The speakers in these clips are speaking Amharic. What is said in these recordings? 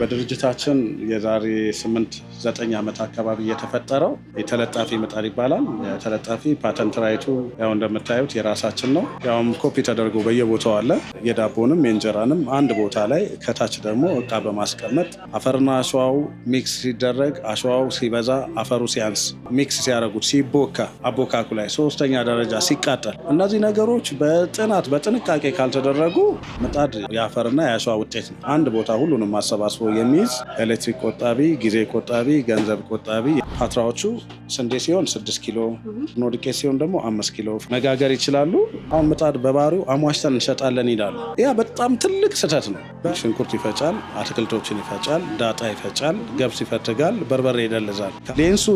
በድርጅታችን የዛሬ ስምንት ዘጠኝ ዓመት አካባቢ የተፈጠረው የተለጣፊ ምጣድ ይባላል። የተለጣፊ ፓተንት ራይቱ ያው እንደምታዩት የራሳችን ነው። ያውም ኮፒ ተደርጎ በየቦታው አለ። የዳቦንም የእንጀራንም አንድ ቦታ ላይ ከታች ደግሞ እቃ በማስቀመጥ አፈርና አሸዋው ሚክስ ሲደረግ አሸዋው ሲበዛ አፈሩ ሲያንስ ሚክስ ሲያደርጉት ሲቦካ አቦካኩ ላይ ሶስተኛ ደረጃ ሲቃጠል እነዚህ ነገሮች በጥናት በጥንቃቄ ካልተደረጉ ምጣድ የአፈርና የአሸዋ ውጤት ነው። አንድ ቦታ ሁሉንም አሰባስቦ የሚይዝ ኤሌክትሪክ ቆጣቢ፣ ጊዜ ቆጣቢ፣ ገንዘብ ቆጣቢ። ፓትራዎቹ ስንዴ ሲሆን ስድስት ኪሎ ኖድቄ ሲሆን ደግሞ አምስት ኪሎ መጋገር ይችላሉ። አሁን ምጣድ በባህሪው አሟሽተን እንሸጣለን ይላሉ። ያ በጣም ትልቅ ስህተት ነው። ሽንኩርት ይፈጫል፣ አትክልቶችን ይፈጫል፣ ዳጣ ይፈጫል፣ ገብስ ይፈትጋል፣ በርበሬ ይደልዛል። ሌንሱ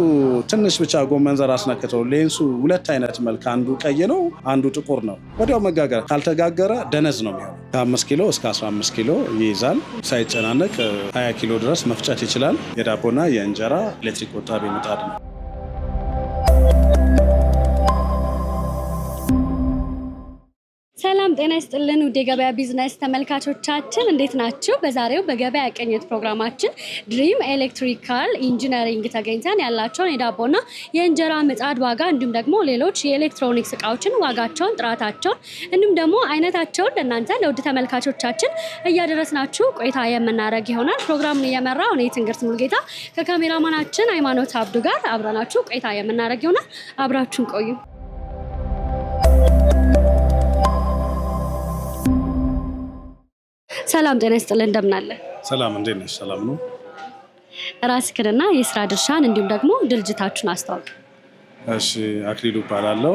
ትንሽ ብቻ ጎመን ዘር አስነክተው ሌንሱ ሁለት አይነት መልክ፣ አንዱ ቀይ ነው፣ አንዱ ጥቁር ነው። ወዲያው መጋገር ካልተጋገረ ደነዝ ነው የሚሆነው። ከአምስት ኪሎ እስከ 15 ኪሎ ይይዛል። ሳይጨናነቅ 20 ኪሎ ድረስ መፍጨት ይችላል። የዳቦና የእንጀራ ኤሌክትሪክ ቆጣቢ ምጣድ ነው። ሰላም ጤና ይስጥልን ውድ የገበያ ቢዝነስ ተመልካቾቻችን እንዴት ናችሁ? በዛሬው በገበያ ቅኝት ፕሮግራማችን ድሪም ኤሌክትሪካል ኢንጂነሪንግ ተገኝተን ያላቸውን የዳቦና የእንጀራ ምጣድ ዋጋ እንዲሁም ደግሞ ሌሎች የኤሌክትሮኒክስ እቃዎችን ዋጋቸውን፣ ጥራታቸውን እንዲሁም ደግሞ አይነታቸውን ለእናንተ ለውድ ተመልካቾቻችን እያደረስናችሁ ቆይታ የምናደርግ ይሆናል። ፕሮግራሙን እየመራ እኔ ትንግርት ሙልጌታ ከካሜራማናችን ሃይማኖት አብዱ ጋር አብረናችሁ ቆይታ የምናደርግ ይሆናል። አብራችሁን ቆዩ። ሰላም ጤና ይስጥልህ፣ እንደምናለን። ሰላም እንዴት ነሽ? ሰላም ነው። እራስክንና የስራ ድርሻን እንዲሁም ደግሞ ድርጅታችሁን አስተዋውቅ። እሺ፣ አክሊሉ እባላለሁ።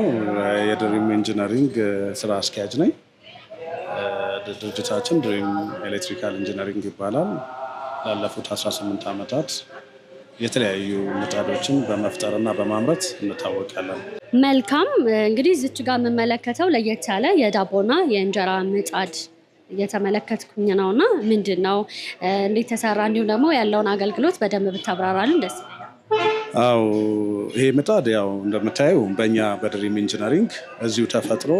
የድሪም ኢንጂነሪንግ ስራ አስኪያጅ ነኝ። ድርጅታችን ድሪም ኤሌክትሪካል ኢንጂነሪንግ ይባላል። ላለፉት 18 ዓመታት የተለያዩ ምጣዶችን በመፍጠርና በማምረት እንታወቃለን። መልካም። እንግዲህ ዝች ጋር የምመለከተው ለየት ያለ የዳቦና የእንጀራ ምጣድ እየተመለከትኩኝ ነው እና ምንድን ነው እንዴት ተሰራ፣ እንዲሁም ደግሞ ያለውን አገልግሎት በደንብ ብታብራራልን ደስ አው ይሄ ምጣድ ያው እንደምታየው በእኛ በድሪም ኢንጂነሪንግ እዚሁ ተፈጥሮ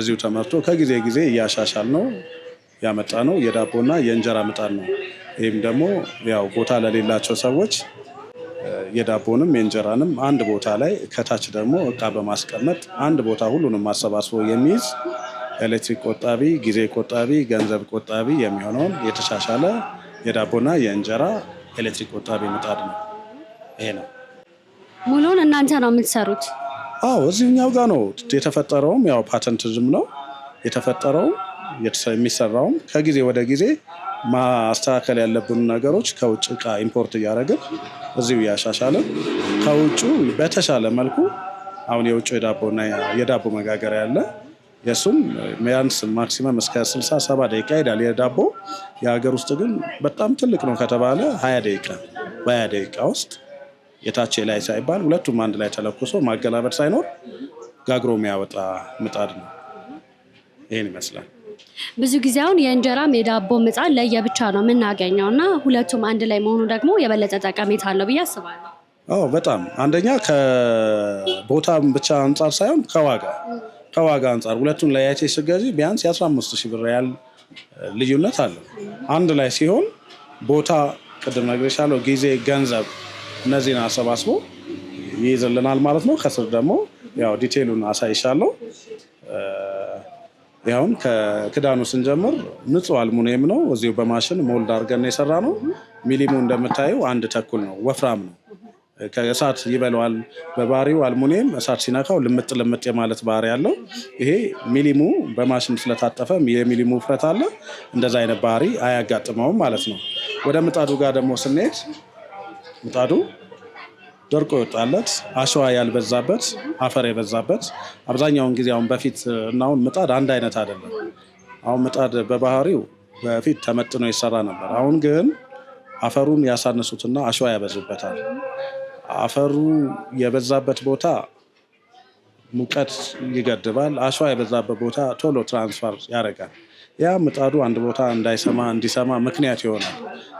እዚሁ ተመርቶ ከጊዜ ጊዜ እያሻሻል ነው ያመጣ ነው የዳቦና የእንጀራ ምጣድ ነው። ይህም ደግሞ ያው ቦታ ለሌላቸው ሰዎች የዳቦንም የእንጀራንም አንድ ቦታ ላይ ከታች ደግሞ እቃ በማስቀመጥ አንድ ቦታ ሁሉንም አሰባስቦ የሚይዝ ኤሌክትሪክ ቆጣቢ፣ ጊዜ ቆጣቢ፣ ገንዘብ ቆጣቢ የሚሆነውን የተሻሻለ የዳቦና የእንጀራ ኤሌክትሪክ ቆጣቢ ምጣድ ነው። ይሄ ነው። ሙሉን እናንተ ነው የምትሰሩት? አዎ እዚህኛው ጋር ነው የተፈጠረውም። ያው ፓተንትዝም ነው የተፈጠረውም የሚሰራውም ከጊዜ ወደ ጊዜ ማስተካከል ያለብን ነገሮች ከውጭ እቃ ኢምፖርት እያደረግን እዚሁ እያሻሻልን ከውጩ በተሻለ መልኩ አሁን የውጭ የዳቦ መጋገሪያ ያለ የእሱም ሚያንስ ማክሲመም እስከ 67 ደቂቃ ይሄዳል። የዳቦ የሀገር ውስጥ ግን በጣም ትልቅ ነው ከተባለ 20 ደቂቃ በ20 ደቂቃ ውስጥ የታች ላይ ሳይባል ሁለቱም አንድ ላይ ተለኩሶ ማገላበጥ ሳይኖር ጋግሮ የሚያወጣ ምጣድ ነው። ይህን ይመስላል። ብዙ ጊዜ አሁን የእንጀራም የዳቦ ምጣድ ለየብቻ ነው የምናገኘው እና ሁለቱም አንድ ላይ መሆኑ ደግሞ የበለጠ ጠቀሜታ አለው ብዬ አስባለሁ። አዎ በጣም አንደኛ ከቦታም ብቻ አንጻር ሳይሆን ከዋጋ ከዋጋ አንጻር ሁለቱን ለያይቼ ስገዢ ቢያንስ የ15 ሺህ ብር ያህል ልዩነት አለ። አንድ ላይ ሲሆን ቦታ ቅድም ነግሬሻለሁ፣ ጊዜ፣ ገንዘብ እነዚህን አሰባስቦ ይይዝልናል ማለት ነው። ከስር ደግሞ ያው ዲቴሉን አሳይሻለሁ። ያሁን ከክዳኑ ስንጀምር ንጹህ አልሙኒየም ነው። እዚሁ በማሽን ሞልድ አድርገን የሰራ ነው። ሚሊሙ እንደምታየው አንድ ተኩል ነው፣ ወፍራም ነው። ከእሳት ይበለዋል። በባህሪው አልሙኒየም እሳት ሲነካው ልምጥ ልምጥ የማለት ባህሪ ያለው ይሄ ሚሊሙ በማሽን ስለታጠፈ የሚሊሙ ውፍረት አለ። እንደዛ አይነት ባህሪ አያጋጥመውም ማለት ነው። ወደ ምጣዱ ጋር ደግሞ ስንሄድ ምጣዱ ደርቆ ይወጣለት አሸዋ ያልበዛበት አፈር የበዛበት አብዛኛውን ጊዜ አሁን በፊት እና አሁን ምጣድ አንድ አይነት አይደለም። አሁን ምጣድ በባህሪው በፊት ተመጥኖ ይሰራ ነበር። አሁን ግን አፈሩን ያሳንሱትና አሸዋ ያበዙበታል። አፈሩ የበዛበት ቦታ ሙቀት ይገድባል። አሸዋ የበዛበት ቦታ ቶሎ ትራንስፈር ያደርጋል። ያ ምጣዱ አንድ ቦታ እንዳይሰማ እንዲሰማ ምክንያት ይሆናል።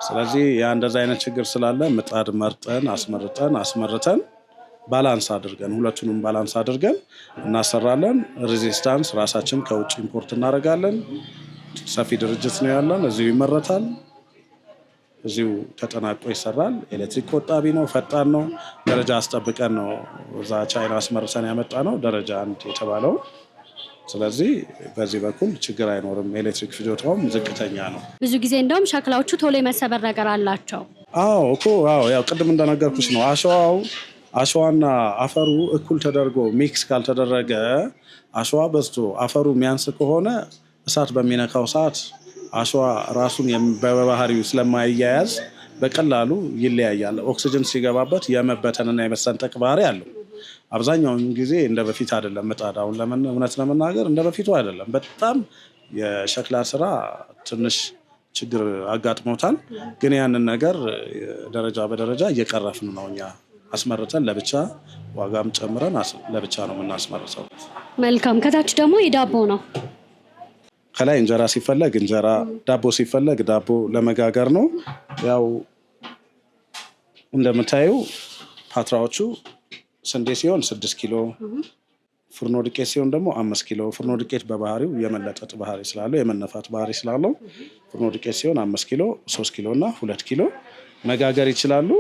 ስለዚህ ያ እንደዚ አይነት ችግር ስላለ ምጣድ መርጠን አስመርጠን አስመርተን ባላንስ አድርገን ሁለቱንም ባላንስ አድርገን እናሰራለን። ሬዚስታንስ ራሳችን ከውጭ ኢምፖርት እናደርጋለን። ሰፊ ድርጅት ነው ያለን፣ እዚሁ ይመረታል። እዚሁ ተጠናቆ ይሰራል። ኤሌክትሪክ ቆጣቢ ነው፣ ፈጣን ነው። ደረጃ አስጠብቀን ነው እዛ ቻይና አስመርሰን ያመጣ ነው ደረጃ አንድ የተባለው። ስለዚህ በዚህ በኩል ችግር አይኖርም። ኤሌክትሪክ ፍጆታውም ዝቅተኛ ነው። ብዙ ጊዜ እንደውም ሸክላዎቹ ቶሎ የመሰበር ነገር አላቸው። አዎ እኮ አዎ፣ ያው ቅድም እንደነገርኩሽ ነው አሸዋው አሸዋና አፈሩ እኩል ተደርጎ ሚክስ ካልተደረገ አሸዋ በዝቶ አፈሩ የሚያንስ ከሆነ እሳት በሚነካው ሰዓት አሸዋ ራሱን በባህሪው ስለማያያዝ በቀላሉ ይለያያል። ኦክሲጅን ሲገባበት የመበተንና የመሰንጠቅ ባህሪ አለው። አብዛኛውን ጊዜ እንደ በፊት አይደለም ምጣድ። አሁን እውነት ለመናገር እንደ በፊቱ አይደለም። በጣም የሸክላ ስራ ትንሽ ችግር አጋጥሞታል። ግን ያንን ነገር ደረጃ በደረጃ እየቀረፍን ነው እኛ አስመርተን ለብቻ ዋጋም ጨምረን ለብቻ ነው የምናስመርተው። መልካም። ከታች ደግሞ የዳቦ ነው ከላይ እንጀራ ሲፈለግ እንጀራ፣ ዳቦ ሲፈለግ ዳቦ ለመጋገር ነው። ያው እንደምታዩ ፓትራዎቹ ስንዴ ሲሆን ስድስት ኪሎ ፍርኖ ዱቄት ሲሆን ደግሞ አምስት ኪሎ ፍርኖ ዱቄት በባህሪው የመለጠጥ ባህሪ ስላለው የመነፋት ባህሪ ስላለው ፍርኖ ዱቄት ሲሆን አምስት ኪሎ ሶስት ኪሎ እና ሁለት ኪሎ መጋገር ይችላሉ።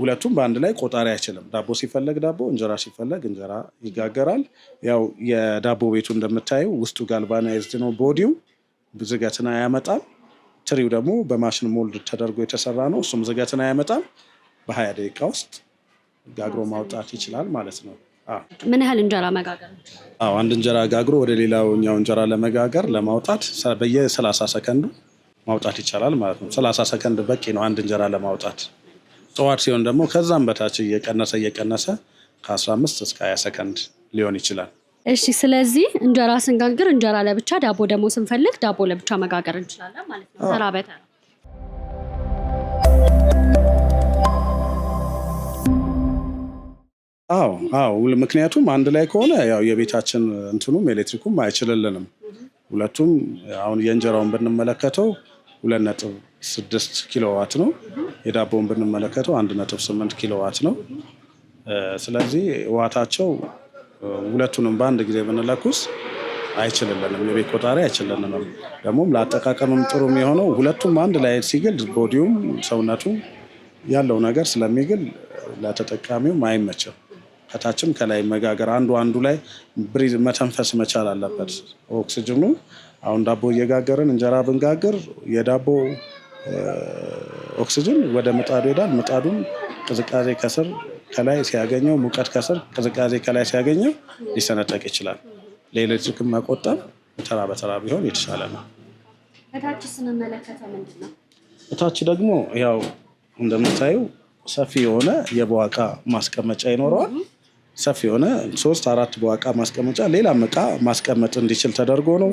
ሁለቱም በአንድ ላይ ቆጣሪ አይችልም። ዳቦ ሲፈለግ ዳቦ፣ እንጀራ ሲፈለግ እንጀራ ይጋገራል። ያው የዳቦ ቤቱ እንደምታየው ውስጡ ጋልቫናይዝድ ነው። ቦዲው ዝገትን አያመጣም። ትሪው ደግሞ በማሽን ሞልድ ተደርጎ የተሰራ ነው። እሱም ዝገትን አያመጣም። በሀያ ደቂቃ ውስጥ ጋግሮ ማውጣት ይችላል ማለት ነው። ምን ያህል እንጀራ መጋገር? አንድ እንጀራ ጋግሮ ወደ ሌላውኛው እንጀራ ለመጋገር ለማውጣት በየ ሰላሳ ሰከንዱ ማውጣት ይቻላል ማለት ነው። ሰላሳ ሰከንድ በቂ ነው አንድ እንጀራ ለማውጣት። ጠዋት ሲሆን ደግሞ ከዛም በታች እየቀነሰ እየቀነሰ ከ15 እስከ 20 ሰከንድ ሊሆን ይችላል። እሺ፣ ስለዚህ እንጀራ ስንጋግር እንጀራ ለብቻ፣ ዳቦ ደግሞ ስንፈልግ ዳቦ ለብቻ መጋገር እንችላለን ማለት ነው ተራ በተራ። አዎ አዎ፣ ምክንያቱም አንድ ላይ ከሆነ ያው የቤታችን እንትኑም ኤሌክትሪኩም አይችልልንም። ሁለቱም አሁን የእንጀራውን ብንመለከተው ሁለት ነጥብ ስድስት ኪሎዋት ነው። የዳቦውን ብንመለከተው አንድ ነጥብ ስምንት ኪሎዋት ነው። ስለዚህ ዋታቸው ሁለቱንም በአንድ ጊዜ ብንለኩስ አይችልልንም፣ የቤት ቆጣሪ አይችልልንም። ደግሞም ለአጠቃቀምም ጥሩ የሆነው ሁለቱም አንድ ላይ ሲግል ቦዲውም ሰውነቱ ያለው ነገር ስለሚግል ለተጠቃሚውም አይመችም። ከታችም ከላይ መጋገር አንዱ አንዱ ላይ ብሪዝ መተንፈስ መቻል አለበት ኦክስጅኑ። አሁን ዳቦ እየጋገርን እንጀራ ብንጋግር የዳቦ ኦክሲጅን ወደ ምጣዱ ይሄዳል። ምጣዱን ቅዝቃዜ ከስር ከላይ ሲያገኘው፣ ሙቀት ከስር ቅዝቃዜ ከላይ ሲያገኘው ሊሰነጠቅ ይችላል። ለኤሌክትሪክ መቆጠብ ተራ በተራ ቢሆን የተሻለ ነው። እታች ስንመለከተ ምንድነው? እታች ደግሞ ያው እንደምታዩ ሰፊ የሆነ የበዋቃ ማስቀመጫ ይኖረዋል። ሰፊ የሆነ ሶስት አራት በዋቃ ማስቀመጫ ሌላም እቃ ማስቀመጥ እንዲችል ተደርጎ ነው።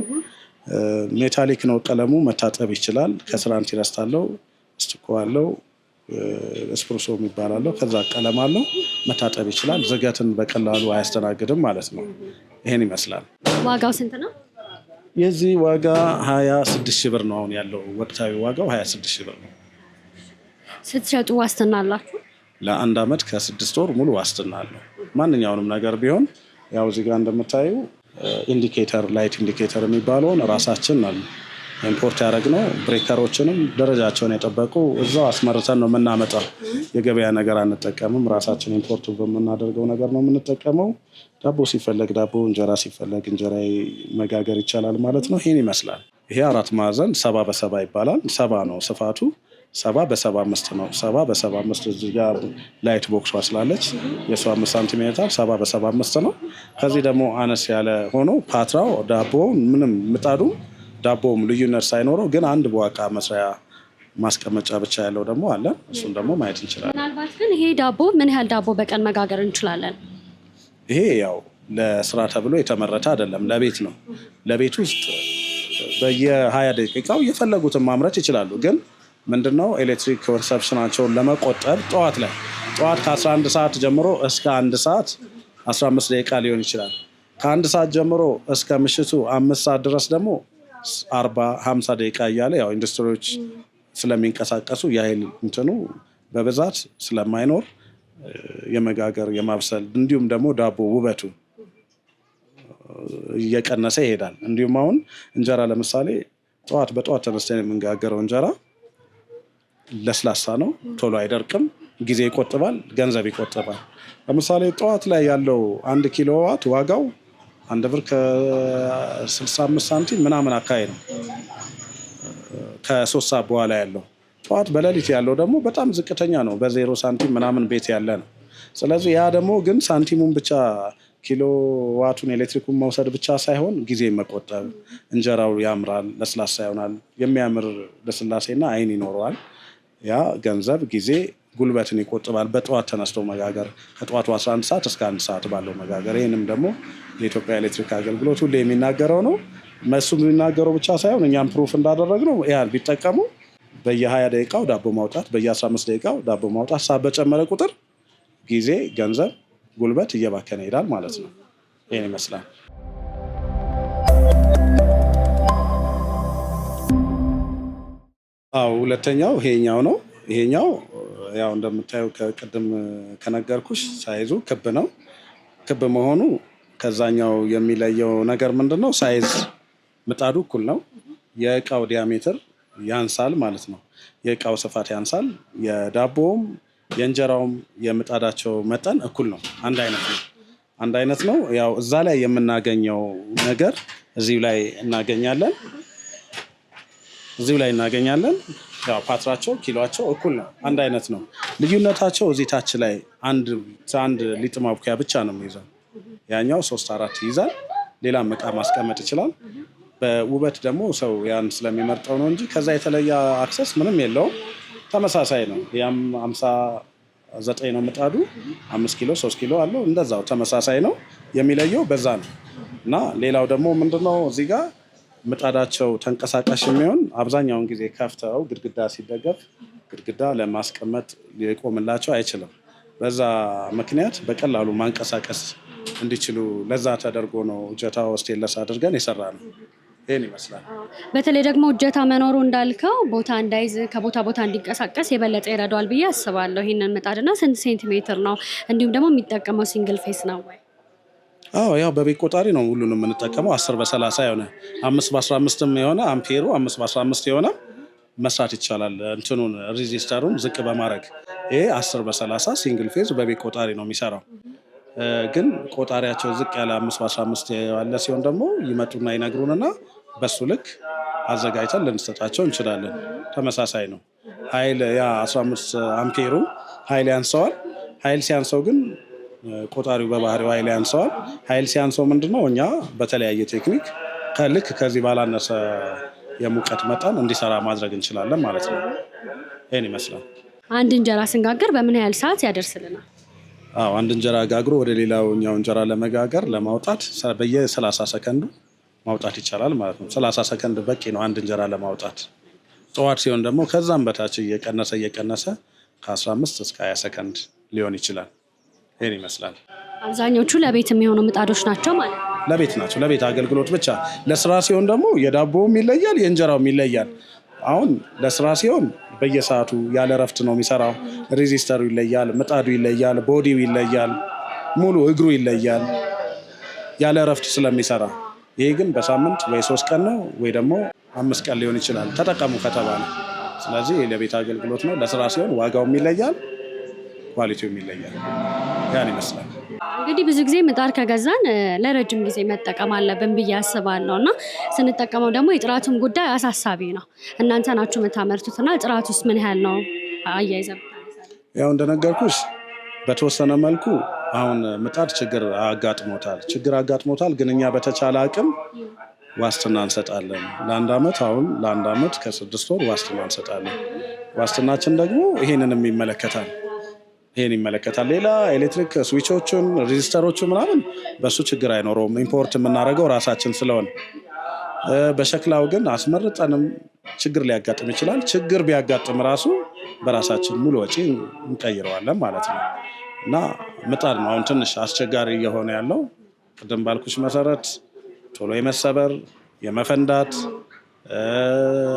ሜታሊክ ነው ቀለሙ፣ መታጠብ ይችላል። ከስራ ኢንተረስት አለው፣ ስቲኮ አለው፣ እስፕሬሶ የሚባል አለው፣ ከዛ ቀለም አለው፣ መታጠብ ይችላል። ዝገትን በቀላሉ አያስተናግድም ማለት ነው። ይሄን ይመስላል። ዋጋው ስንት ነው? የዚህ ዋጋ 26 ሺህ ብር ነው። አሁን ያለው ወቅታዊ ዋጋው 26 ሺህ ብር ነው። ስትሸጡ ዋስትና አላችሁ? ለአንድ አመት ከስድስት ወር ሙሉ ዋስትና አለው። ማንኛውንም ነገር ቢሆን ያው እዚህ ጋር እንደምታዩ ኢንዲኬተር ላይት ኢንዲኬተር የሚባለውን ራሳችን ነው ኢምፖርት ያደረግነው። ብሬከሮችንም ደረጃቸውን የጠበቁ እዛው አስመርተን ነው የምናመጣው። የገበያ ነገር አንጠቀምም። ራሳችን ኢምፖርቱ በምናደርገው ነገር ነው የምንጠቀመው። ዳቦ ሲፈለግ ዳቦ፣ እንጀራ ሲፈለግ እንጀራ መጋገር ይቻላል ማለት ነው። ይህን ይመስላል። ይሄ አራት ማዕዘን ሰባ በሰባ ይባላል። ሰባ ነው ስፋቱ ሰባ በሰባ አምስት ነው። ሰባ በሰባ አምስት እዚህ ላይት ቦክሷ ስላለች የእሷ አምስት ሳንቲሜትር ሰባ በሰባ አምስት ነው። ከዚህ ደግሞ አነስ ያለ ሆኖ ፓትራው ዳቦ ምንም ምጣዱ ዳቦውም ልዩነት ሳይኖረው ግን አንድ በዋቃ መስሪያ ማስቀመጫ ብቻ ያለው ደግሞ አለ። እሱን ደግሞ ማየት እንችላለን። ምናልባት ግን ይሄ ዳቦ ምን ያህል ዳቦ በቀን መጋገር እንችላለን? ይሄ ያው ለስራ ተብሎ የተመረተ አይደለም፣ ለቤት ነው። ለቤት ውስጥ በየሀያ ደቂቃው የፈለጉትን ማምረት ይችላሉ ግን ምንድነው ኤሌክትሪክ ኮንሰፕሽናቸውን ለመቆጠብ ጠዋት ላይ ጠዋት ከ11 ሰዓት ጀምሮ እስከ አንድ ሰዓት 15 ደቂቃ ሊሆን ይችላል። ከአንድ ሰዓት ጀምሮ እስከ ምሽቱ አምስት ሰዓት ድረስ ደግሞ 40 50 ደቂቃ እያለ ያው ኢንዱስትሪዎች ስለሚንቀሳቀሱ የኃይል እንትኑ በብዛት ስለማይኖር የመጋገር የማብሰል እንዲሁም ደግሞ ዳቦ ውበቱ እየቀነሰ ይሄዳል። እንዲሁም አሁን እንጀራ ለምሳሌ ጠዋት በጠዋት ተነስተን የምንጋገረው እንጀራ ለስላሳ ነው፣ ቶሎ አይደርቅም፣ ጊዜ ይቆጥባል፣ ገንዘብ ይቆጥባል። ለምሳሌ ጠዋት ላይ ያለው አንድ ኪሎ ዋት ዋጋው አንድ ብር ከ65 ሳንቲም ምናምን አካባቢ ነው። ከሶስት ሰዓት በኋላ ያለው ጠዋት በሌሊት ያለው ደግሞ በጣም ዝቅተኛ ነው። በዜሮ ሳንቲም ምናምን ቤት ያለ ነው። ስለዚህ ያ ደግሞ ግን ሳንቲሙን ብቻ ኪሎ ዋቱን ኤሌክትሪኩን መውሰድ ብቻ ሳይሆን ጊዜ መቆጠብ፣ እንጀራው ያምራል፣ ለስላሳ ይሆናል፣ የሚያምር ለስላሴና አይን ይኖረዋል። ያ ገንዘብ ጊዜ ጉልበትን ይቆጥባል። በጠዋት ተነስቶ መጋገር ከጠዋቱ 11 ሰዓት እስከ አንድ ሰዓት ባለው መጋገር። ይህንም ደግሞ የኢትዮጵያ ኤሌክትሪክ አገልግሎት ሁሌ የሚናገረው ነው። መሱ የሚናገረው ብቻ ሳይሆን እኛም ፕሩፍ እንዳደረግ ነው ያህል ቢጠቀሙ በየ20 ደቂቃው ዳቦ ማውጣት፣ በየ15 ደቂቃው ዳቦ ማውጣት ሰዓት በጨመረ ቁጥር ጊዜ፣ ገንዘብ፣ ጉልበት እየባከነ ይሄዳል ማለት ነው። ይህን ይመስላል። አው ሁለተኛው ይሄኛው ነው። ይሄኛው ያው እንደምታየው ከቅድም ከነገርኩሽ ሳይዙ ክብ ነው። ክብ መሆኑ ከዛኛው የሚለየው ነገር ምንድን ነው? ሳይዝ ምጣዱ እኩል ነው። የእቃው ዲያሜትር ያንሳል ማለት ነው። የእቃው ስፋት ያንሳል። የዳቦውም የእንጀራውም የምጣዳቸው መጠን እኩል ነው። አንድ አይነት ነው። አንድ አይነት ነው። ያው እዛ ላይ የምናገኘው ነገር እዚሁ ላይ እናገኛለን። እዚሁ ላይ እናገኛለን። ያው ፓትራቸው ኪሎቸው እኩል ነው፣ አንድ አይነት ነው። ልዩነታቸው እዚህ ታች ላይ አንድ አንድ ሊጥ ብቻ ነው የሚይዘው። ያኛው ሶስት አራት ይይዛል። ሌላም እቃ ማስቀመጥ ይችላል። በውበት ደግሞ ሰው ያን ስለሚመርጠው ነው እንጂ ከዛ የተለየ አክሰስ ምንም የለውም። ተመሳሳይ ነው። ያም አምሳ ዘጠኝ ነው ምጣዱ። አምስት ኪሎ ሶስት ኪሎ አለው እንደዛው ተመሳሳይ ነው። የሚለየው በዛ ነው እና ሌላው ደግሞ ምንድነው እዚህ ጋር ምጣዳቸው ተንቀሳቃሽ የሚሆን አብዛኛውን ጊዜ ከፍተው ግድግዳ ሲደገፍ ግድግዳ ለማስቀመጥ ሊቆምላቸው አይችልም። በዛ ምክንያት በቀላሉ ማንቀሳቀስ እንዲችሉ ለዛ ተደርጎ ነው እጀታ ስቴንለስ አድርገን የሰራ ነው። ይህን ይመስላል። በተለይ ደግሞ እጀታ መኖሩ እንዳልከው ቦታ እንዳይዝ ከቦታ ቦታ እንዲንቀሳቀስ የበለጠ ይረዳዋል ብዬ አስባለሁ። ይህንን ምጣድና ስንት ሴንቲሜትር ነው? እንዲሁም ደግሞ የሚጠቀመው ሲንግል ፌስ ነው ወይ? አዎ ያው በቤት ቆጣሪ ነው ሁሉንም የምንጠቀመው። አስር በሰላሳ የሆነ አምስት በአስራ አምስትም የሆነ አምፔሩ አምስት በአስራ አምስት የሆነ መስራት ይቻላል። እንትኑን ሬዚስተሩን ዝቅ በማድረግ ይሄ አስር በሰላሳ ሲንግል ፌዝ በቤት ቆጣሪ ነው የሚሰራው። ግን ቆጣሪያቸው ዝቅ ያለ አምስት በአስራ አምስት ያለ ሲሆን ደግሞ ይመጡና ይነግሩንና በሱ ልክ አዘጋጅተን ልንሰጣቸው እንችላለን። ተመሳሳይ ነው ኃይል ያ 15 አምፔሩ ኃይል ያንሰዋል። ኃይል ሲያንሰው ግን ቆጣሪው በባህሪው ኃይል ያንሰዋል። ኃይል ሲያንሰው ምንድነው እኛ በተለያየ ቴክኒክ ከልክ ከዚህ ባላነሰ የሙቀት መጠን እንዲሰራ ማድረግ እንችላለን ማለት ነው። ይህን ይመስላል። አንድ እንጀራ ስንጋገር በምን ያህል ሰዓት ያደርስልናል? አዎ አንድ እንጀራ ጋግሮ ወደ ሌላኛው እንጀራ ለመጋገር ለማውጣት በየ30 ሰከንዱ ማውጣት ይቻላል ማለት ነው። 30 ሰከንድ በቂ ነው አንድ እንጀራ ለማውጣት። ጠዋት ሲሆን ደግሞ ከዛም በታች እየቀነሰ እየቀነሰ ከ15 እስከ 20 ሰከንድ ሊሆን ይችላል። ይህን ይመስላል። አብዛኞቹ ለቤት የሚሆኑ ምጣዶች ናቸው ማለት ነው። ለቤት ናቸው፣ ለቤት አገልግሎት ብቻ። ለስራ ሲሆን ደግሞ የዳቦውም ይለያል፣ የእንጀራውም ይለያል። አሁን ለስራ ሲሆን በየሰዓቱ ያለ እረፍት ነው የሚሰራው። ሬዚስተሩ ይለያል፣ ምጣዱ ይለያል፣ ቦዲው ይለያል፣ ሙሉ እግሩ ይለያል ያለ እረፍት ስለሚሰራ። ይሄ ግን በሳምንት ወይ ሶስት ቀን ነው ወይ ደግሞ አምስት ቀን ሊሆን ይችላል ተጠቀሙ ከተባለ። ስለዚህ ለቤት አገልግሎት ነው። ለስራ ሲሆን ዋጋውም ይለያል ኳሊቲው ይለያል። ያን ይመስላል። እንግዲህ ብዙ ጊዜ ምጣድ ከገዛን ለረጅም ጊዜ መጠቀም አለብን ብዬ አስባለሁ እና ስንጠቀመው ደግሞ የጥራቱን ጉዳይ አሳሳቢ ነው። እናንተ ናችሁ የምታመርቱት እና ጥራት ውስጥ ምን ያህል ነው አያይዘም? ያው እንደነገርኩሽ በተወሰነ መልኩ አሁን ምጣድ ችግር አጋጥሞታል ችግር አጋጥሞታል። ግን እኛ በተቻለ አቅም ዋስትና እንሰጣለን። ለአንድ ዓመት አሁን ለአንድ ዓመት ከስድስት ወር ዋስትና እንሰጣለን። ዋስትናችን ደግሞ ይሄንንም ይመለከታል። ይህን ይመለከታል። ሌላ ኤሌክትሪክ ስዊቾቹን፣ ሬጂስተሮቹ ምናምን በእሱ ችግር አይኖረውም። ኢምፖርት የምናደርገው ራሳችን ስለሆነ በሸክላው ግን አስመርጠንም ችግር ሊያጋጥም ይችላል። ችግር ቢያጋጥም ራሱ በራሳችን ሙሉ ወጪ እንቀይረዋለን ማለት ነው እና ምጣድ ነው አሁን ትንሽ አስቸጋሪ እየሆነ ያለው ቅድም ባልኩሽ መሰረት ቶሎ የመሰበር የመፈንዳት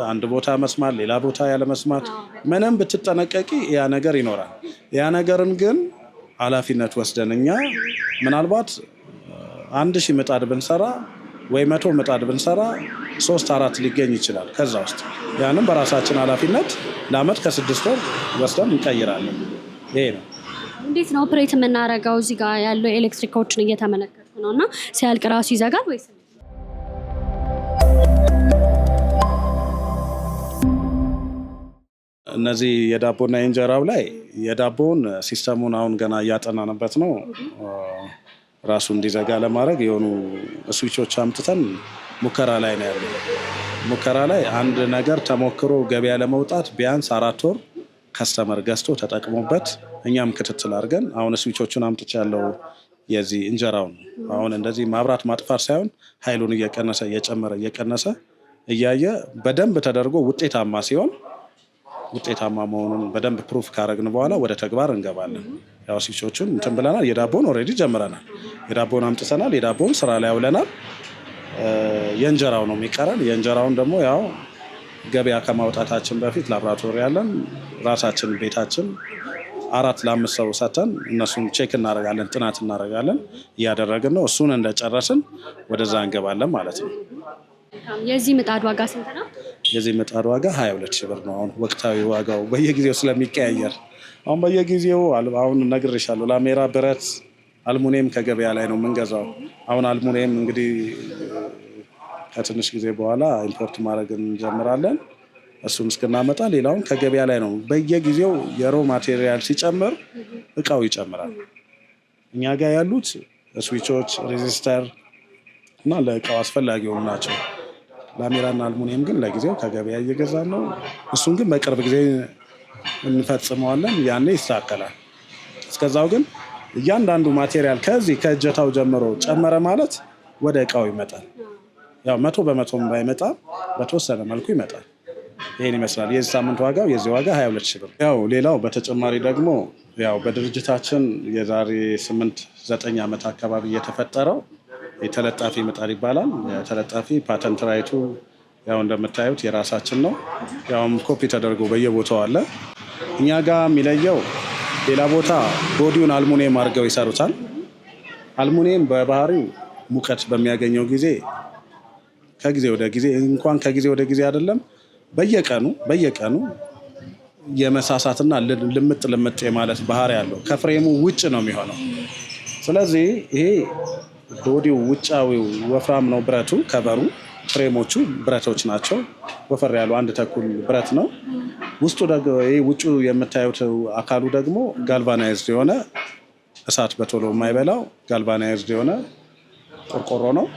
አንድ ቦታ መስማት፣ ሌላ ቦታ ያለ መስማት ምንም ብትጠነቀቂ ያ ነገር ይኖራል። ያ ነገርን ግን ኃላፊነት ወስደን እኛ ምናልባት አንድ ሺህ ምጣድ ብንሰራ ወይ መቶ ምጣድ ብንሰራ ሶስት አራት ሊገኝ ይችላል ከዛ ውስጥ ያንም በራሳችን ኃላፊነት ለአመት ከስድስት ወር ወስደን እንቀይራለን። ይሄ ነው። እንዴት ነው ኦፕሬት የምናደርገው? እዚህ ጋር ያለው ኤሌክትሪኮችን እየተመለከትኩ ነው እና ሲያልቅ ራሱ ይዘጋል ወይስ እነዚህ የዳቦና የእንጀራው ላይ የዳቦውን ሲስተሙን አሁን ገና እያጠናንበት ነው። ራሱ እንዲዘጋ ለማድረግ የሆኑ ስዊቾች አምጥተን ሙከራ ላይ ነው ያለው። ሙከራ ላይ አንድ ነገር ተሞክሮ ገበያ ለመውጣት ቢያንስ አራት ወር ከስተመር ገዝቶ ተጠቅሞበት እኛም ክትትል አድርገን አሁን ስዊቾቹን አምጥቻ ያለው የዚህ እንጀራውን አሁን እንደዚህ ማብራት ማጥፋት ሳይሆን ኃይሉን እየቀነሰ እየጨመረ እየቀነሰ እያየ በደንብ ተደርጎ ውጤታማ ሲሆን ውጤታማ መሆኑን በደንብ ፕሩፍ ካረግን በኋላ ወደ ተግባር እንገባለን። ያው ሲሶቹን እንትን ብለናል። የዳቦን ኦልሬዲ ጀምረናል። የዳቦን አምጥሰናል። የዳቦን ስራ ላይ አውለናል። የእንጀራው ነው የሚቀረን። የእንጀራውን ደግሞ ያው ገበያ ከማውጣታችን በፊት ላብራቶሪ ያለን ራሳችን ቤታችን አራት ለአምስት ሰው ሰተን እነሱን ቼክ እናደርጋለን፣ ጥናት እናደርጋለን። እያደረግን ነው። እሱን እንደጨረስን ወደዛ እንገባለን ማለት ነው። የዚህ ምጣድ ዋጋ ስንት ነው? የዚህ ምጣድ ዋጋ 22 ሺህ ብር ነው። አሁን ወቅታዊ ዋጋው በየጊዜው ስለሚቀያየር አሁን በየጊዜው አሁን ነግርሻለሁ። ላሜራ ብረት፣ አልሙኒየም ከገበያ ላይ ነው የምንገዛው። አሁን አልሙኒየም እንግዲህ ከትንሽ ጊዜ በኋላ ኢምፖርት ማድረግ እንጀምራለን። እሱን እስክናመጣ ሌላውን ከገበያ ላይ ነው። በየጊዜው የሮ ማቴሪያል ሲጨምር እቃው ይጨምራል። እኛ ጋር ያሉት ስዊቾች፣ ሬዚስተር እና ለእቃው አስፈላጊ ናቸው። ላሜራና አልሙኒየም ግን ለጊዜው ከገበያ እየገዛ ነው። እሱን ግን በቅርብ ጊዜ እንፈጽመዋለን። ያኔ ይስተካከላል። እስከዛው ግን እያንዳንዱ ማቴሪያል ከዚህ ከእጀታው ጀምሮ ጨመረ ማለት ወደ እቃው ይመጣል። ያው መቶ በመቶም ባይመጣ በተወሰነ መልኩ ይመጣል። ይህን ይመስላል የዚህ ሳምንት ዋጋው። የዚህ ዋጋ 22 ሺህ ብር። ያው ሌላው በተጨማሪ ደግሞ ያው በድርጅታችን የዛሬ ስምንት ዘጠኝ ዓመት አካባቢ የተፈጠረው የተለጣፊ ምጣድ ይባላል። ተለጣፊ ፓተንት ራይቱ ያው እንደምታዩት የራሳችን ነው። ያውም ኮፒ ተደርጎ በየቦታው አለ። እኛ ጋር የሚለየው ሌላ ቦታ ቦዲውን አልሙኒየም አድርገው ይሰሩታል። አልሙኒየም በባህሪው ሙቀት በሚያገኘው ጊዜ ከጊዜ ወደ ጊዜ እንኳን ከጊዜ ወደ ጊዜ አይደለም በየቀኑ በየቀኑ የመሳሳትና ልምጥ ልምጥ የማለት ባህሪ ያለው ከፍሬሙ ውጭ ነው የሚሆነው። ስለዚህ ይሄ ቦዲው ውጫዊው ወፍራም ነው ብረቱ ከበሩ ፍሬሞቹ ብረቶች ናቸው። ወፈር ያሉ አንድ ተኩል ብረት ነው። ውስጡ ይህ ውጭ የምታዩት አካሉ ደግሞ ጋልቫናይዝድ የሆነ እሳት በቶሎ የማይበላው ጋልቫናይዝድ የሆነ ቆርቆሮ ነው።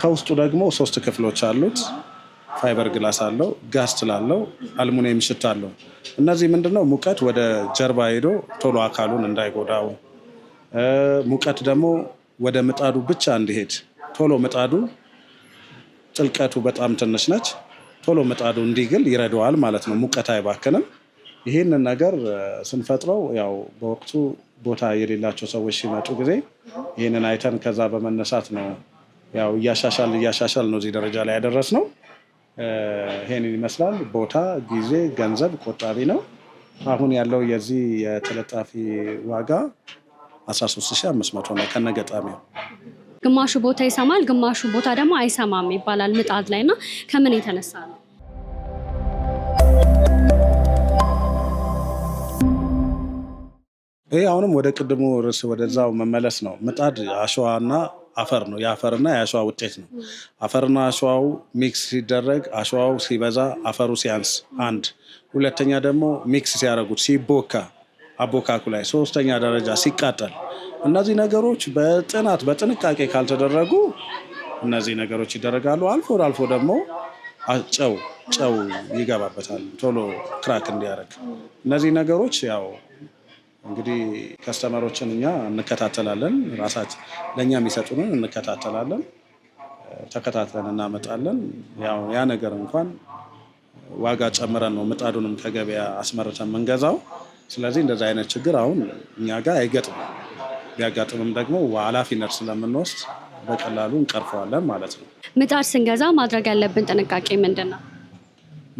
ከውስጡ ደግሞ ሶስት ክፍሎች አሉት። ፋይበር ግላስ አለው፣ ጋስ ትላለው፣ አልሙኒየም ሽት አለው። እነዚህ ምንድነው ሙቀት ወደ ጀርባ ሄዶ ቶሎ አካሉን እንዳይጎዳው ሙቀት ደግሞ ወደ ምጣዱ ብቻ እንዲሄድ ቶሎ ምጣዱ ጥልቀቱ በጣም ትንሽ ነች። ቶሎ ምጣዱ እንዲግል ይረዳዋል ማለት ነው። ሙቀት አይባክንም። ይህንን ነገር ስንፈጥረው ያው በወቅቱ ቦታ የሌላቸው ሰዎች ሲመጡ ጊዜ ይህንን አይተን ከዛ በመነሳት ነው ያው እያሻሻል እያሻሻል ነው እዚህ ደረጃ ላይ ያደረስ ነው። ይህንን ይመስላል። ቦታ፣ ጊዜ፣ ገንዘብ ቆጣቢ ነው። አሁን ያለው የዚህ የተለጣፊ ዋጋ 13500 ነው ግማሹ ቦታ ይሰማል፣ ግማሹ ቦታ ደግሞ አይሰማም ይባላል ምጣድ ላይ እና ከምን የተነሳ ነው? ይህ አሁንም ወደ ቅድሙ ርዕስ ወደዛው መመለስ ነው። ምጣድ አሸዋና አፈር ነው። የአፈርና የአሸዋ ውጤት ነው። አፈርና አሸዋው ሚክስ ሲደረግ አሸዋው ሲበዛ፣ አፈሩ ሲያንስ አንድ ሁለተኛ ደግሞ ሚክስ ሲያደርጉት ሲቦካ አቦካኩ ላይ ሶስተኛ ደረጃ ሲቃጠል፣ እነዚህ ነገሮች በጥናት በጥንቃቄ ካልተደረጉ እነዚህ ነገሮች ይደረጋሉ። አልፎ አልፎ ደግሞ ጨው ጨው ይገባበታል ቶሎ ክራክ እንዲያደርግ። እነዚህ ነገሮች ያው እንግዲህ ከስተመሮችን እኛ እንከታተላለን፣ ራሳት ለእኛ የሚሰጡንን እንከታተላለን፣ ተከታትለን እናመጣለን። ያው ያ ነገር እንኳን ዋጋ ጨምረን ነው ምጣዱንም ከገበያ አስመርተን የምንገዛው። ስለዚህ እንደዚህ አይነት ችግር አሁን እኛ ጋር አይገጥም። ቢያጋጥምም ደግሞ ኃላፊነት ስለምንወስድ በቀላሉ እንቀርፈዋለን ማለት ነው። ምጣድ ስንገዛ ማድረግ ያለብን ጥንቃቄ ምንድን ነው?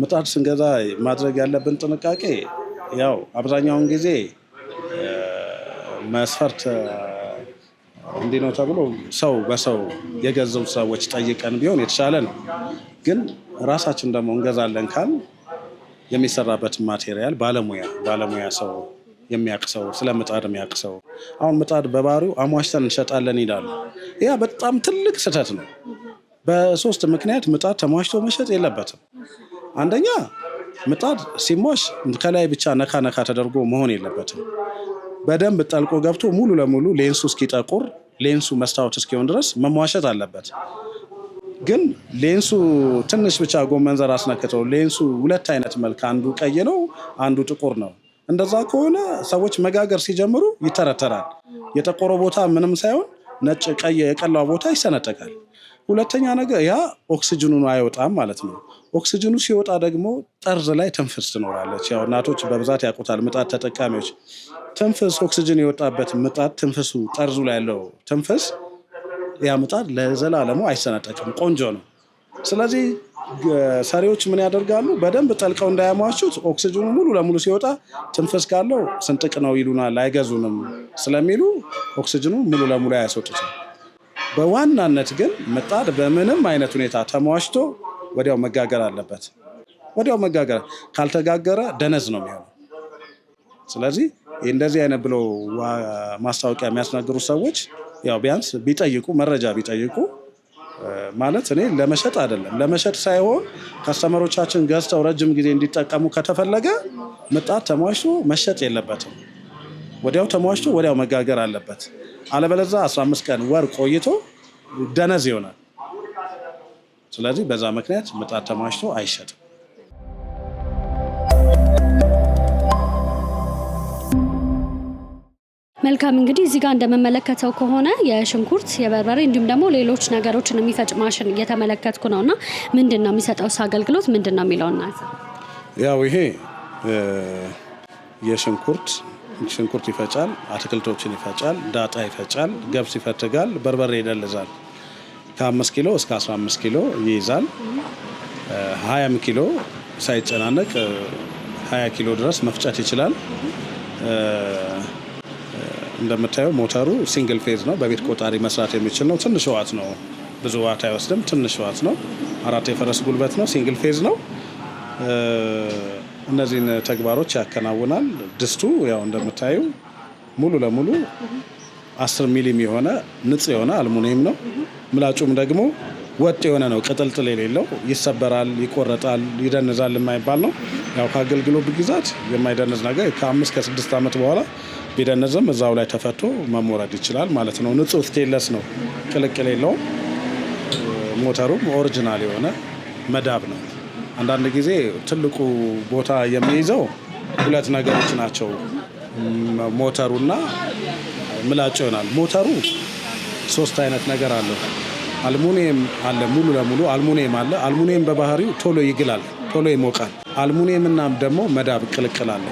ምጣድ ስንገዛ ማድረግ ያለብን ጥንቃቄ ያው አብዛኛውን ጊዜ መስፈርት እንዲህ ነው ተብሎ ሰው በሰው የገዘው ሰዎች ጠይቀን ቢሆን የተሻለ ነው። ግን ራሳችን ደግሞ እንገዛለን ካል የሚሰራበት ማቴሪያል ባለሙያ ባለሙያ ሰው የሚያቅ ሰው ስለ ምጣድ የሚያቅ ሰው። አሁን ምጣድ በባህሪው አሟሽተን እንሸጣለን ይላሉ። ያ በጣም ትልቅ ስህተት ነው። በሶስት ምክንያት ምጣድ ተሟሽቶ መሸጥ የለበትም። አንደኛ ምጣድ ሲሟሽ ከላይ ብቻ ነካ ነካ ተደርጎ መሆን የለበትም። በደንብ ጠልቆ ገብቶ ሙሉ ለሙሉ ሌንሱ እስኪጠቁር ሌንሱ መስታወት እስኪሆን ድረስ መሟሸት አለበት። ግን ሌንሱ ትንሽ ብቻ ጎመን ዘር አስነክተው ሌንሱ ሁለት አይነት መልክ አንዱ ቀይ ነው፣ አንዱ ጥቁር ነው። እንደዛ ከሆነ ሰዎች መጋገር ሲጀምሩ ይተረተራል። የጠቆረ ቦታ ምንም ሳይሆን ነጭ ቀይ የቀላው ቦታ ይሰነጠቃል። ሁለተኛ ነገር ያ ኦክስጅኑን አይወጣም ማለት ነው። ኦክስጅኑ ሲወጣ ደግሞ ጠርዝ ላይ ትንፍስ ትኖራለች። ያው እናቶች በብዛት ያውቁታል፣ ምጣድ ተጠቃሚዎች ትንፍስ ኦክስጅን የወጣበት ምጣድ ትንፍሱ ጠርዙ ላይ ያለው ትንፍስ ያመጣል። ለዘላለሙ አይሰነጠቅም። ቆንጆ ነው። ስለዚህ ሰሪዎች ምን ያደርጋሉ? በደንብ ጠልቀው እንዳያሟቹት ኦክሲጅኑ ሙሉ ለሙሉ ሲወጣ ትንፍስ ካለው ስንጥቅ ነው ይሉናል፣ አይገዙንም ስለሚሉ ኦክሲጅኑ ሙሉ ለሙሉ አያስወጡትም። በዋናነት ግን ምጣድ በምንም አይነት ሁኔታ ተሟሽቶ ወዲያው መጋገር አለበት። ወዲያው መጋገር ካልተጋገረ ደነዝ ነው የሚሆነው። ስለዚህ እንደዚህ አይነት ብለው ማስታወቂያ የሚያስነግሩ ሰዎች ያው ቢያንስ ቢጠይቁ መረጃ ቢጠይቁ ማለት እኔ ለመሸጥ አይደለም ለመሸጥ ሳይሆን ከስተመሮቻችን ገዝተው ረጅም ጊዜ እንዲጠቀሙ ከተፈለገ ምጣድ ተሟሽቶ መሸጥ የለበትም። ወዲያው ተሟሽቶ ወዲያው መጋገር አለበት። አለበለዛ 15 ቀን ወር ቆይቶ ደነዝ ይሆናል። ስለዚህ በዛ ምክንያት ምጣድ ተሟሽቶ አይሸጥም። መልካም እንግዲህ እዚህ ጋር እንደምመለከተው ከሆነ የሽንኩርት የበርበሬ እንዲሁም ደግሞ ሌሎች ነገሮችን የሚፈጭ ማሽን እየተመለከትኩ ነው እና ምንድን ነው የሚሰጠውስ አገልግሎት ምንድን ነው የሚለውና ያው ይሄ የሽንኩርት ሽንኩርት ይፈጫል፣ አትክልቶችን ይፈጫል፣ ዳጣ ይፈጫል፣ ገብስ ይፈትጋል፣ በርበሬ ይደልዛል። ከአምስት ኪሎ እስከ 15 ኪሎ ይይዛል። ሀያም ኪሎ ሳይጨናነቅ 20 ኪሎ ድረስ መፍጨት ይችላል። እንደምታየው ሞተሩ ሲንግል ፌዝ ነው። በቤት ቆጣሪ መስራት የሚችል ነው። ትንሽ ዋት ነው፣ ብዙ ዋት አይወስድም። ትንሽ ዋት ነው። አራት የፈረስ ጉልበት ነው። ሲንግል ፌዝ ነው። እነዚህን ተግባሮች ያከናውናል። ድስቱ ያው እንደምታዩ ሙሉ ለሙሉ አስር ሚሊም የሆነ ንጹህ የሆነ አልሙኒየም ነው። ምላጩም ደግሞ ወጥ የሆነ ነው፣ ቅጥልጥል የሌለው ይሰበራል፣ ይቆረጣል፣ ይደንዛል የማይባል ነው። ያው ከአገልግሎት ብግዛት የማይደንዝ ነገር ከአምስት ከስድስት ዓመት በኋላ ቢደንዝም እዛው ላይ ተፈቶ መሞረድ ይችላል ማለት ነው። ንጹህ ስቴለስ ነው፣ ቅልቅል የለውም። ሞተሩም ኦሪጂናል የሆነ መዳብ ነው። አንዳንድ ጊዜ ትልቁ ቦታ የሚይዘው ሁለት ነገሮች ናቸው፣ ሞተሩና ምላጭ ይሆናል። ሞተሩ ሶስት አይነት ነገር አለው። አልሙኒየም አለ፣ ሙሉ ለሙሉ አልሙኒየም አለ። አልሙኒየም በባህሪው ቶሎ ይግላል፣ ቶሎ ይሞቃል። አልሙኒየምና ደግሞ መዳብ ቅልቅል አለ።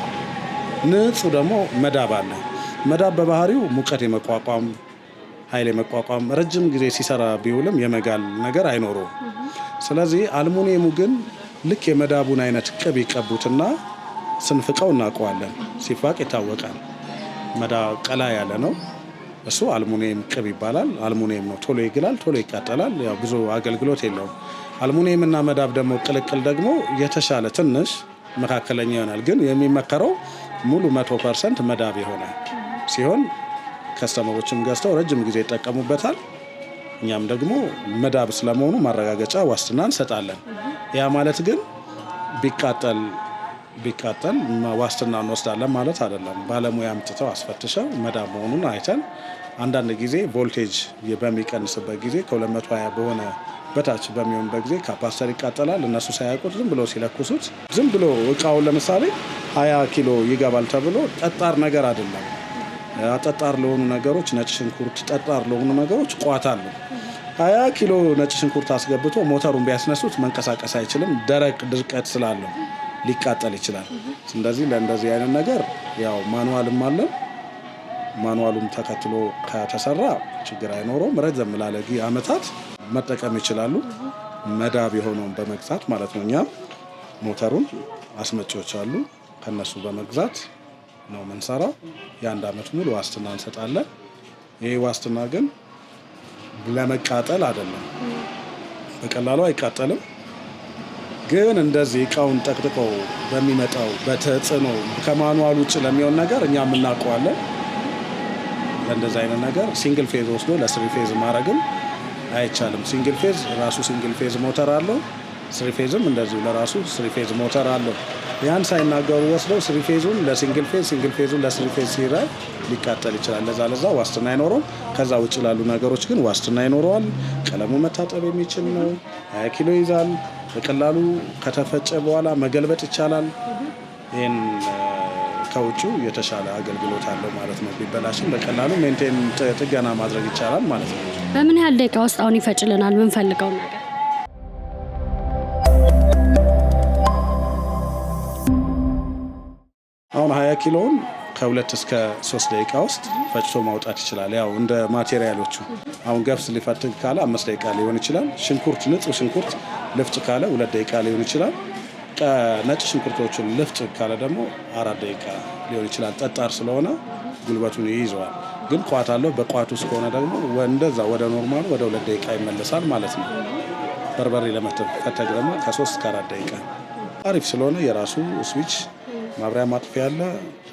ንጹህ ደግሞ መዳብ አለ። መዳብ በባህሪው ሙቀት የመቋቋም ኃይል የመቋቋም ረጅም ጊዜ ሲሰራ ቢውልም የመጋል ነገር አይኖረውም። ስለዚህ አልሙኒየሙ ግን ልክ የመዳቡን አይነት ቅብ ይቀቡትና ስንፍቀው እናውቀዋለን። ሲፋቅ ይታወቃል። መዳብ ቀላ ያለ ነው። እሱ አልሙኒየም ቅብ ይባላል። አልሙኒየም ነው፣ ቶሎ ይግላል፣ ቶሎ ይቃጠላል። ያው ብዙ አገልግሎት የለውም። አልሙኒየም እና መዳብ ደግሞ ቅልቅል ደግሞ የተሻለ ትንሽ መካከለኛ ይሆናል። ግን የሚመከረው ሙሉ መቶ ፐርሰንት መዳብ የሆነ ሲሆን ከስተመሮችም ገዝተው ረጅም ጊዜ ይጠቀሙበታል። እኛም ደግሞ መዳብ ስለመሆኑ ማረጋገጫ ዋስትና እንሰጣለን። ያ ማለት ግን ቢቃጠል ቢቃጠል ዋስትና እንወስዳለን ማለት አይደለም። ባለሙያ አምጥተው አስፈትሸው መዳብ መሆኑን አይተን አንዳንድ ጊዜ ቮልቴጅ በሚቀንስበት ጊዜ ከ220 በሆነ በታች በሚሆንበት ጊዜ ካፓስተር ይቃጠላል። እነሱ ሳያውቁት ዝም ብሎ ሲለኩሱት ዝም ብሎ እቃውን ለምሳሌ 20 ኪሎ ይገባል ተብሎ ጠጣር ነገር አይደለም። ጠጣር ለሆኑ ነገሮች ነጭ ሽንኩርት፣ ጠጣር ለሆኑ ነገሮች ቋት አለ። 20 ኪሎ ነጭ ሽንኩርት አስገብቶ ሞተሩን ቢያስነሱት መንቀሳቀስ አይችልም፣ ደረቅ ድርቀት ስላለው ሊቃጠል ይችላል። እንደዚህ ለእንደዚህ አይነት ነገር ያው ማኑዋልም አለን። ማኑዋሉም ተከትሎ ከተሰራ ችግር አይኖረውም። ረዘም ላለ አመታት መጠቀም ይችላሉ። መዳብ የሆነውን በመግዛት ማለት ነው። እኛም ሞተሩን አስመጪዎች አሉ፣ ከነሱ በመግዛት ነው የምንሰራው። የአንድ አመት ሙሉ ዋስትና እንሰጣለን። ይህ ዋስትና ግን ለመቃጠል አይደለም፣ በቀላሉ አይቃጠልም። ግን እንደዚህ እቃውን ጠቅጥቆ በሚመጣው በተጽዕኖ ከማኑዋል ውጭ ለሚሆን ነገር እኛ የምናውቀዋለን። ለእንደዚህ አይነት ነገር ሲንግል ፌዝ ወስዶ ለስሪ ፌዝ ማድረግም አይቻልም። ሲንግል ፌዝ ራሱ ሲንግል ፌዝ ሞተር አለው። ስሪ ፌዝም እንደዚሁ ለራሱ ስሪ ፌዝ ሞተር አለው። ያን ሳይናገሩ ወስደው ስሪ ፌዙን ለሲንግል ፌዝ ሲንግል ፌዙን ለስሪ ፌዝ ሲራይ ሊቃጠል ይችላል። ለዛ ለዛ ዋስትና አይኖረውም። ከዛ ውጭ ላሉ ነገሮች ግን ዋስትና ይኖረዋል። ቀለሙ መታጠብ የሚችል ነው። ሀያ ኪሎ ይዛል። በቀላሉ ከተፈጨ በኋላ መገልበጥ ይቻላል። ይህን ከውጭ የተሻለ አገልግሎት አለው ማለት ነው። ቢበላሽም በቀላሉ ሜንቴን ጥገና ማድረግ ይቻላል ማለት ነው። በምን ያህል ደቂቃ ውስጥ አሁን ይፈጭልናል ምንፈልገው ነገር? አሁን ሀያ ኪሎውን ከሁለት እስከ ሶስት ደቂቃ ውስጥ ፈጭቶ ማውጣት ይችላል። ያው እንደ ማቴሪያሎቹ አሁን ገብስ ሊፈትግ ካለ አምስት ደቂቃ ሊሆን ይችላል። ሽንኩርት፣ ንጹህ ሽንኩርት ልፍጭ ካለ ሁለት ደቂቃ ሊሆን ይችላል። ነጭ ሽንኩርቶችን ልፍጭ ካለ ደግሞ አራት ደቂቃ ሊሆን ይችላል። ጠጣር ስለሆነ ጉልበቱን ይይዘዋል። ግን ቋት አለው። በቋት ውስጥ ከሆነ ደግሞ እንደዛ ወደ ኖርማሉ ወደ ሁለት ደቂቃ ይመለሳል ማለት ነው። በርበሬ ለመፈተግ ደግሞ ከሶስት አራት ደቂቃ አሪፍ ስለሆነ የራሱ ስዊች ማብሪያ ማጥፊያ አለ።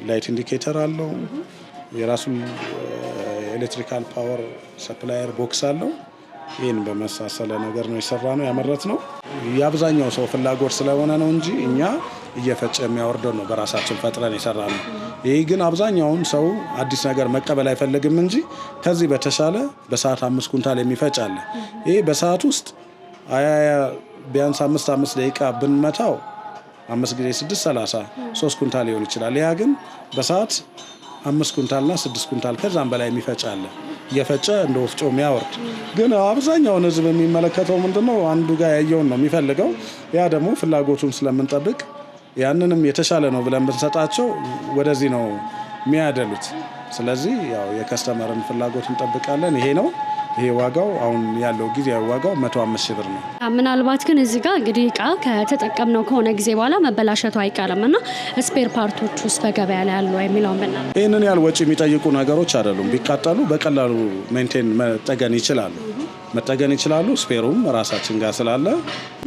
ላይት ኢንዲኬተር አለው። የራሱ ኤሌክትሪካል ፓወር ሰፕላየር ቦክስ አለው። ይህን በመሳሰለ ነገር ነው የሰራ ነው ያመረት ነው። የአብዛኛው ሰው ፍላጎት ስለሆነ ነው እንጂ እኛ እየፈጨ የሚያወርደው ነው በራሳችን ፈጥረን የሰራ ነው። ይህ ግን አብዛኛውን ሰው አዲስ ነገር መቀበል አይፈልግም እንጂ ከዚህ በተሻለ በሰዓት አምስት ኩንታል የሚፈጭ አለ። ይህ በሰዓት ውስጥ አያያ ቢያንስ አምስት አምስት ደቂቃ ብንመታው አምስት ጊዜ ስድስት ሰላሳ ሶስት ኩንታል ሊሆን ይችላል። ያ ግን በሰዓት አምስት ኩንታልና ስድስት ኩንታል ከዛም በላይ የሚፈጭ አለ። እየፈጨ እንደ ወፍጮ የሚያወርድ ግን አብዛኛውን ህዝብ የሚመለከተው ምንድነው አንዱ ጋር ያየውን ነው የሚፈልገው። ያ ደግሞ ፍላጎቱን ስለምንጠብቅ ያንንም የተሻለ ነው ብለን ብንሰጣቸው ወደዚህ ነው የሚያደሉት። ስለዚህ ያው የከስተመርን ፍላጎት እንጠብቃለን። ይሄ ነው። ይሄ ዋጋው አሁን ያለው ጊዜ ዋጋው 105 ሺህ ብር ነው። ምናልባት ግን እዚህ ጋር እንግዲህ እቃ ከተጠቀምነው ከሆነ ጊዜ በኋላ መበላሸቱ አይቀርም እና ስፔር ፓርቶች ውስጥ በገበያ ላይ ያሉ የሚለውን ብና ይህንን ያህል ወጪ የሚጠይቁ ነገሮች አይደሉም። ቢቃጠሉ በቀላሉ ሜንቴን መጠገን ይችላሉ። መጠገን ይችላሉ። ስፔሩም ራሳችን ጋር ስላለ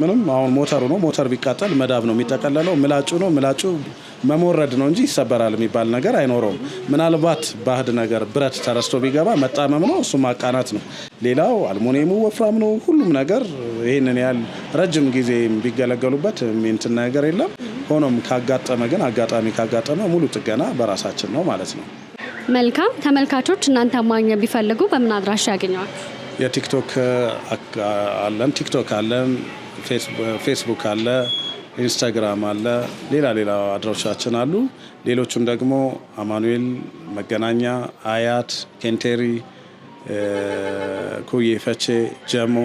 ምንም አሁን ሞተሩ ነው። ሞተር ቢቃጠል መዳብ ነው የሚጠቀለለው። ምላጩ ነው ምላጩ መሞረድ ነው እንጂ ይሰበራል የሚባል ነገር አይኖረውም። ምናልባት ባህድ ነገር ብረት ተረስቶ ቢገባ መጣመም ነው፣ እሱ ማቃናት ነው። ሌላው አልሙኒየሙ ወፍራም ነው። ሁሉም ነገር ይህንን ያህል ረጅም ጊዜ ቢገለገሉበት እንትን ነገር የለም። ሆኖም ካጋጠመ ግን አጋጣሚ ካጋጠመ ሙሉ ጥገና በራሳችን ነው ማለት ነው። መልካም ተመልካቾች፣ እናንተ ማግኘት ቢፈልጉ በምን አድራሻ ያገኘዋል? የቲክቶክ አለን ቲክቶክ አለን ፌስቡክ አለ ኢንስታግራም አለ ሌላ ሌላ አድራሻችን አሉ። ሌሎቹም ደግሞ አማኑኤል መገናኛ፣ አያት፣ ኬንቴሪ፣ ኩዬ ፈቼ፣ ጀሞ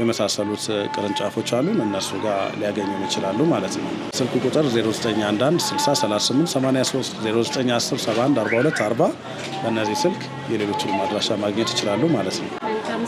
የመሳሰሉት ቅርንጫፎች አሉን። እነሱ ጋር ሊያገኙን ይችላሉ ማለት ነው። ስልክ ቁጥር 0911 6838 091168830910714240 በእነዚህ ስልክ የሌሎችን ማድራሻ ማግኘት ይችላሉ ማለት ነው።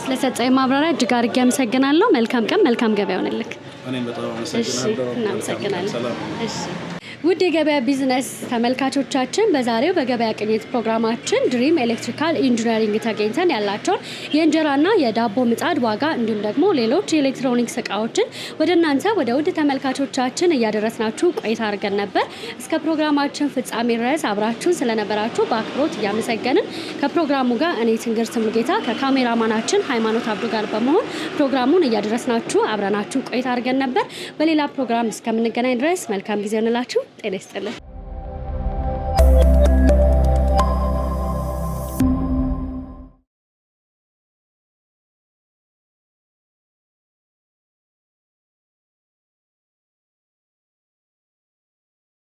ስለሰጠኝ ማብራሪያ እጅግ አድርጌ አመሰግናለሁ። መልካም ቀን፣ መልካም ገበያ ሆነልክ። እኔም በጣም አመሰግናለሁ። እናመሰግናለን። ውድ የገበያ ቢዝነስ ተመልካቾቻችን በዛሬው በገበያ ቅኝት ፕሮግራማችን ድሪም ኤሌክትሪካል ኢንጂነሪንግ ተገኝተን ያላቸውን የእንጀራና የዳቦ ምጣድ ዋጋ እንዲሁም ደግሞ ሌሎች የኤሌክትሮኒክስ እቃዎችን ወደ እናንተ ወደ ውድ ተመልካቾቻችን እያደረስናችሁ ቆይታ አድርገን ነበር። እስከ ፕሮግራማችን ፍጻሜ ድረስ አብራችሁን ስለነበራችሁ በአክብሮት እያመሰገንን ከፕሮግራሙ ጋር እኔ ትንግርት ሙሉጌታ ከካሜራማናችን ሃይማኖት አብዱ ጋር በመሆን ፕሮግራሙን እያደረስናችሁ አብረናችሁ ቆይታ አድርገን ነበር። በሌላ ፕሮግራም እስከምንገናኝ ድረስ መልካም ጊዜ እንላችሁ። en este lado.